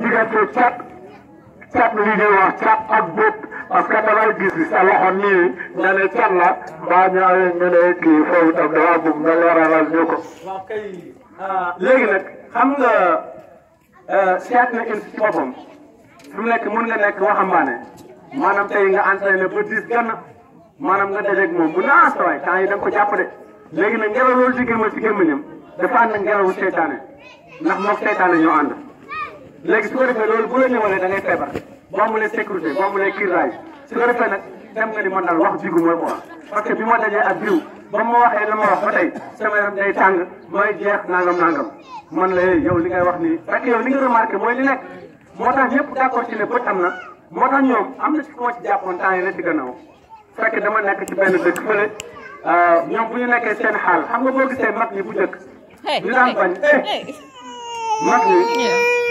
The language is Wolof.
diggante cat cat li ñuy wax cat ak bët parce que damay gis sa loxo nii nga ne cat la mbaa ñaare ñu ne kii foofu itam dafa bëgg nga leeralal ñu ko. waaw ah, léegi nag xam nga euh, seet na in ci nekk mun nga nekk waxambaane maanaam tey nga entraîné ba dix gann maanaam nga dajeeg moom mun naa saway temps yi da ko jàpp de léegi nag ngelaw loolu ci gémma ci gémmiñam dafa ànd ngelawu seytaane ndax moom seytaane ñu ànd. léegi su ko defee loolu bu la ñëwalee da ngay feebar boo amulee sécurité boo amulee curage su ko defee nag dem nga ni man daal wax jigu mooy quoi parce que bi ma dajee ak diw ba ma waxee la ma wax ba tey sama yaram day tàng may jeex nangam nangam man la yow li ngay wax nii fekk yow li nga remarqué mooy li nekk moo tax ñëpp d'accord ci ne bët am na moo tax ñoom am na ci koo ci jàppoon temps yi la ci gannaaw fekk dama nekk ci benn dëkk fële ñoom bu ñu nekkee seen xaal xam nga boo gisee mag ñi bu njëkk ñu daan bañ mag ñi